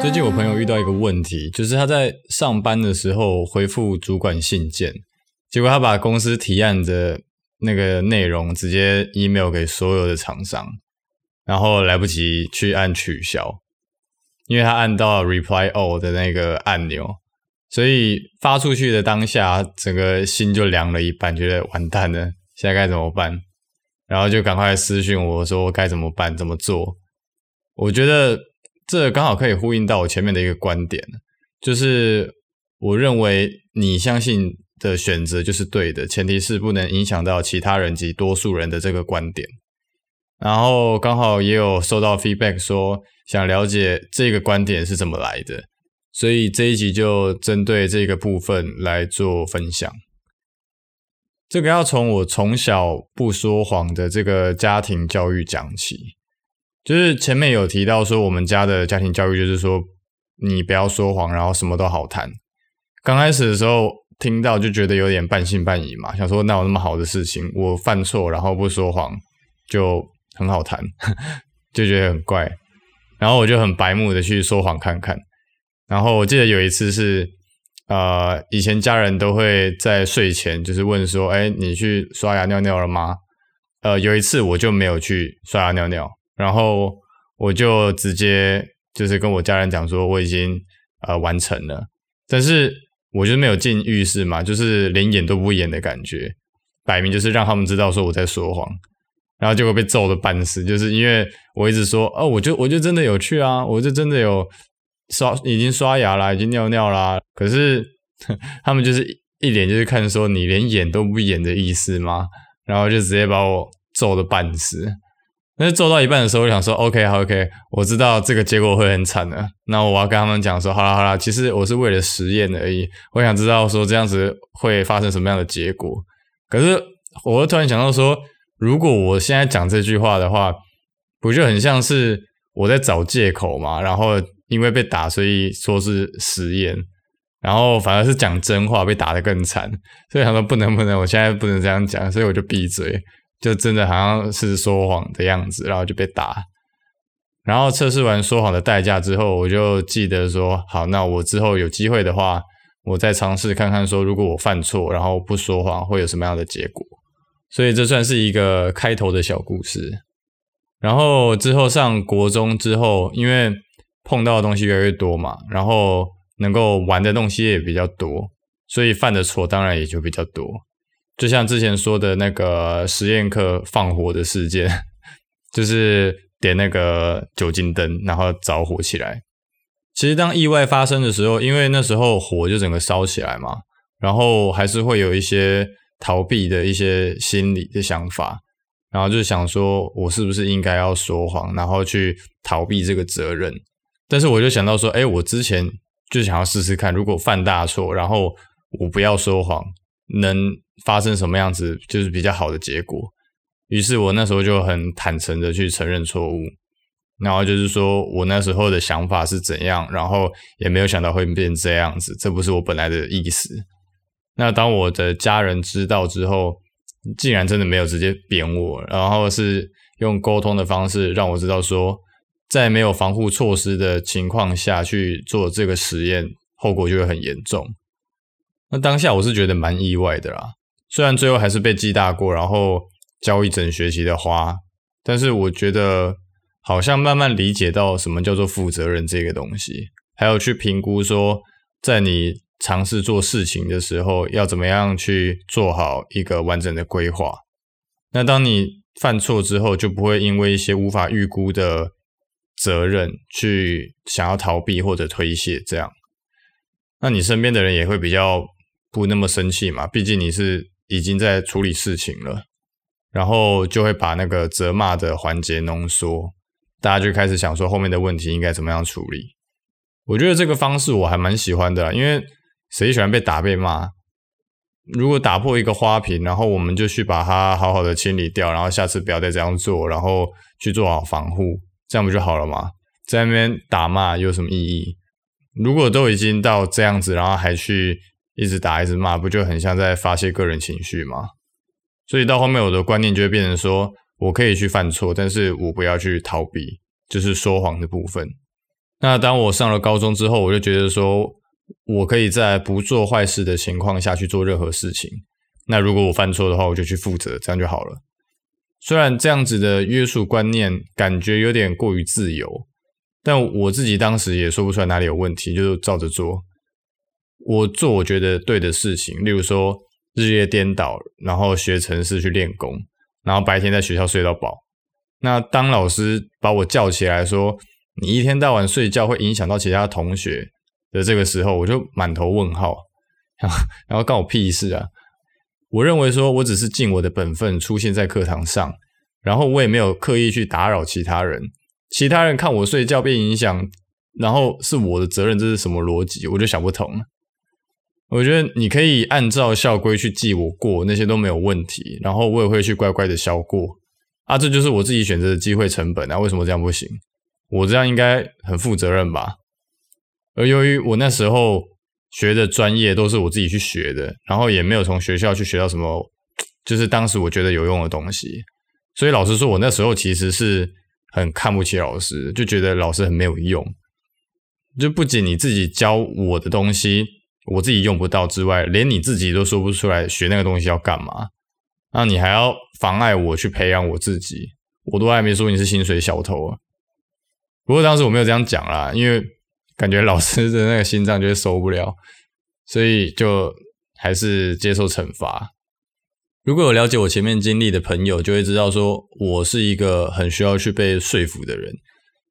最近我朋友遇到一個問題，就是他在上班的時候回復主管信件，結果他把公司提案的那個內容直接 email 給所有的廠商，然後來不及去按取消，因為他按到了 reply all 的那個按鈕。所以發出去的當下，整個心就涼了一半，覺得完蛋了，現在該怎麼辦？然後就趕快私訊我說：“該怎麼辦？怎麼做？”我覺得這剛好可以呼應到我前面的一個觀點，就是我認為你相信的選擇就是對的，前提是不能影響到其他人及多數人的這個觀點。然後剛好也有收到 feedback 說想了解這個觀點是怎麼來的。所以這一集就針對這個部分來做分享。這個要從我從小不說謊的這個家庭教育講起，就是前面有提到說我們家的家庭教育就是說你不要說謊，然後什麼都好談。剛開始的時候聽到就覺得有點半信半疑嘛，想說哪有那麼好的事情？我犯錯然後不說謊就很好談， 就覺得很怪。然後我就很白目的去說謊看看。然後我記得有一次是，呃，以前家人都會在睡前就是問說，哎，你去刷牙尿尿了嗎？呃，有一次我就沒有去刷牙尿尿，然後我就直接就是跟我家人講說，我已經呃完成了，但是我就沒有進浴室嘛，就是連演都不演的感覺，擺明就是讓他們知道說我在說謊，然後結果被揍得半死，就是因為我一直說，哦，我就我就真的有去啊，我就真的有。刷已經刷牙啦，已經尿尿啦，可是他們就是一臉就是看說你連演都不演的意思嗎？然後就直接把我揍的半死。但是揍到一半的時候，我想說，OK，好 OK，我知道這個結果會很慘的。那我要跟他們講說，好啦好啦，其實我是為了實驗而已，我想知道說這樣子會發生什麼樣的結果。可是我突然想到說，如果我現在講這句話的話，不就很像是我在找借口嘛？然後。因為被打，所以說是實驗，然後反而是講真話，被打得更慘，所以他說不能不能，我現在不能這樣講，所以我就閉嘴，就真的好像是說謊的樣子，然後就被打。然後測試完說謊的代價之後，我就記得說，好，那我之後有機會的話，我再嘗試看看說，如果我犯錯，然後不說謊會有什麼樣的結果。所以這算是一個開頭的小故事。然後之後上國中之後，因為碰到的東西越來越多嘛，然後能夠玩的東西也比較多，所以犯的錯當然也就比較多。就像之前說的那個實驗課放火的事件，就是點那個酒精燈，然後着火起來。其實當意外發生的時候，因為那時候火就整個燒起來嘛，然後還是會有一些逃避的一些心理的想法，然後就想說我是不是應該要說謊，然後去逃避這個責任。但是我就想到說，哎，我之前就想要試試看，如果犯大錯，然後我不要說謊，能發生什麼樣子，就是比較好的結果。於是我那時候就很坦誠的去承認錯誤，然後就是說我那時候的想法是怎樣，然後也沒有想到會變這樣子，這不是我本來的意思。那當我的家人知道之後，竟然真的沒有直接扁我，然後是用溝通的方式讓我知道說。在沒有防護措施的情況下去做這個實驗，後果就會很嚴重。那當下我是覺得蠻意外的啦，雖然最後還是被記大過，然後澆一整學期的花，但是我覺得好像慢慢理解到什麼叫做負責任這個東西，還有去評估說，在你嘗試做事情的時候，要怎麼樣去做好一個完整的規劃。那當你犯錯之後，就不會因為一些無法預估的。責任去想要逃避或者推卸，這樣，那你身邊的人也會比較不那麼生氣嘛？畢竟你是已經在處理事情了，然後就會把那個責罵的環節濃縮，大家就開始想說後面的問題應該怎麼樣處理。我覺得這個方式我還蠻喜歡的啦，因為誰喜歡被打被罵？如果打破一個花瓶，然後我們就去把它好好的清理掉，然後下次不要再這樣做，然後去做好防護。這樣不就好了嗎？在那邊打罵有什麼意義？如果都已經到這樣子，然後還去一直打一直罵，不就很像在發洩個人情緒嗎？所以到後面我的觀念就會變成說，我可以去犯錯，但是我不要去逃避，就是說謊的部分。那當我上了高中之後，我就覺得說我可以在不做壞事的情況下去做任何事情。那如果我犯錯的話，我就去負責，這樣就好了。雖然這樣子的約束觀念感覺有點過於自由，但我自己當時也說不出來哪裡有問題，就照着做。我做我覺得對的事情，例如說日夜顛倒，然後學程式去練功，然後白天在學校睡到飽。那當老師把我叫起來說：“你一天到晚睡覺，會影響到其他同學。”的這個時候，我就滿頭問號，然後然後干我屁事啊！我認為說，我只是盡我的本分出現在課堂上，然後我也沒有刻意去打擾其他人。其他人看我睡覺被影響，然後是我的責任，這是什麼邏輯？我就想不通。我覺得你可以按照校規去記我過，那些都沒有問題。然後我也會去乖乖的銷過啊，這就是我自己選擇的機會成本啊。為什麼這樣不行？我這樣應該很負責任吧？而由於我那時候。學的專業都是我自己去學的，然後也沒有從學校去學到什麼，就是當時我覺得有用的東西。所以老實說，我那時候其實是很看不起老師，就覺得老師很沒有用。就不僅你自己教我的東西我自己用不到之外，連你自己都說不出來學那個東西要幹嘛，那你還要妨礙我去培養我自己，我都還沒說你是薪水小偷啊。不過當時我沒有這樣講啦，因為。感覺老師的那個心臟就會受不了，所以就還是接受懲罰。如果有了解我前面經歷的朋友，就會知道說我是一個很需要去被說服的人。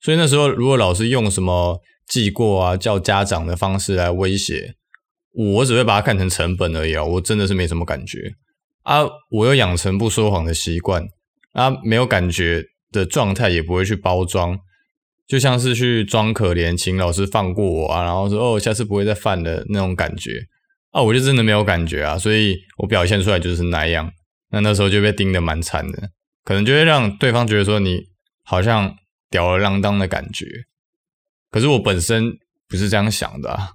所以那時候，如果老師用什麼記過啊、叫家長的方式來威脅，我只會把它看成成本而已啊。我真的是沒什麼感覺啊。我又養成不說謊的習慣啊，沒有感覺的狀態也不會去包裝。就像是去裝可憐，請老師放過我啊，然後說哦，下次不會再犯的那種感覺啊，我就真的沒有感覺啊，所以我表現出來就是那樣。那那時候就被盯得蠻慘的，可能就會讓對方覺得說你好像吊兒郎當的感覺，可是我本身不是這樣想的啊。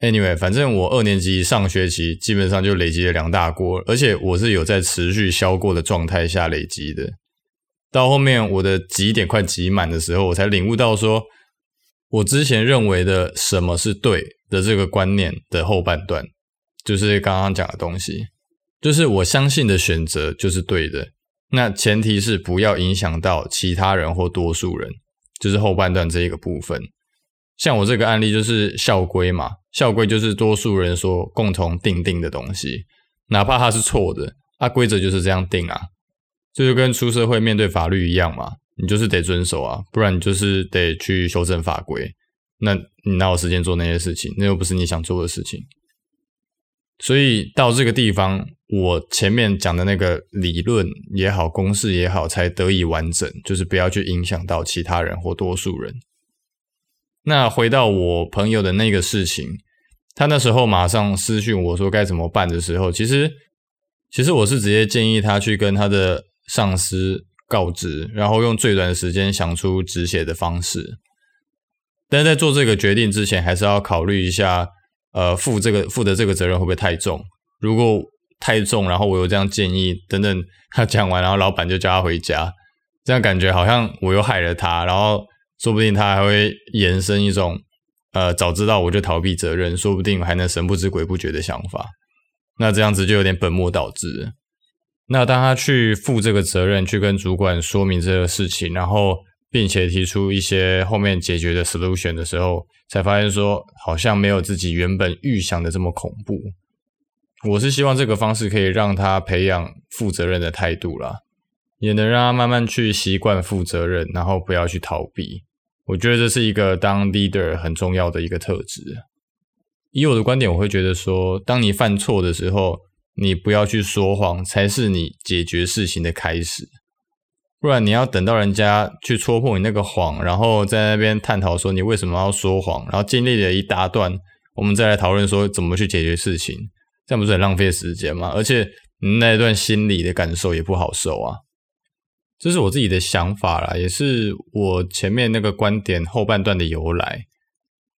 Anyway，反正我二年級上學期基本上就累積了兩大過，而且我是有在持續消過的狀態下累積的。到後面，我的集點快集滿的時候，我才領悟到，說我之前認為的什麼是對的這個觀念的後半段，就是剛剛講的東西，就是我相信的選擇就是對的，那前提是不要影響到其他人或多數人，就是後半段這一個部分。像我這個案例就是校規嘛，校規就是多數人所共同訂定的東西，哪怕它是錯的，它規則就是這樣定啊。這就跟出社會面對法律一樣嘛，你就是得遵守啊，不然你就是得去修正法規，那你哪有時間做那些事情？那又不是你想做的事情。所以到這個地方，我前面講的那個理論也好，公式也好，才得以完整，就是不要去影響到其他人或多數人。那回到我朋友的那個事情，他那時候馬上私訊我說該怎麼辦的時候，其實，其實我是直接建議他去跟他的上司告知，然後用最短的時間想出止血的方式。但在做這個決定之前，還是要考慮一下，呃，負這個負的這個責任會不會太重？如果太重，然後我有這樣建議等等，他講完，然後老板就叫他回家，這樣感覺好像我又害了他，然後說不定他還會延伸一種，呃，早知道我就逃避責任，說不定還能神不知鬼不覺的想法。那這樣子就有點本末倒置。那當他去負這個責任，去跟主管說明這個事情，然後並且提出一些後面解決的 solution 的時候，才發現說好像沒有自己原本預想的這麼恐怖。我是希望這個方式可以讓他培養負責任的態度啦，也能讓他慢慢去習慣負責任，然後不要去逃避。我覺得這是一個當 leader 很重要的一個特質。以我的觀點，我會覺得說，當你犯錯的時候，你不要去說謊，才是你解決事情的開始。不然你要等到人家去戳破你那個謊，然後在那邊探討說你為什麼要說謊，然後經歷了一大段，我們再來討論說怎麼去解決事情，這樣不是很浪費時間嗎？而且，那一段心理的感受也不好受啊。這是我自己的想法啦，也是我前面那個觀點後半段的由來。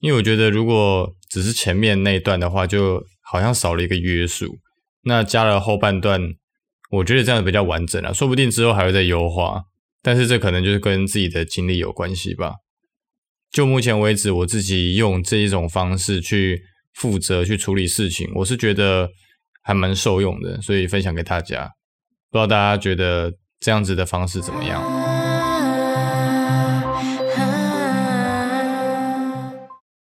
因為我覺得，如果只是前面那一段的話，就好像少了一個約束。那加了後半段，我覺得這樣子比較完整了。說不定之後還會再優化，但是這可能就是跟自己的經歷有關係吧。就目前為止，我自己用這一種方式去負責去處理事情，我是覺得還蠻受用的，所以分享給大家。不知道大家覺得這樣子的方式怎麼樣？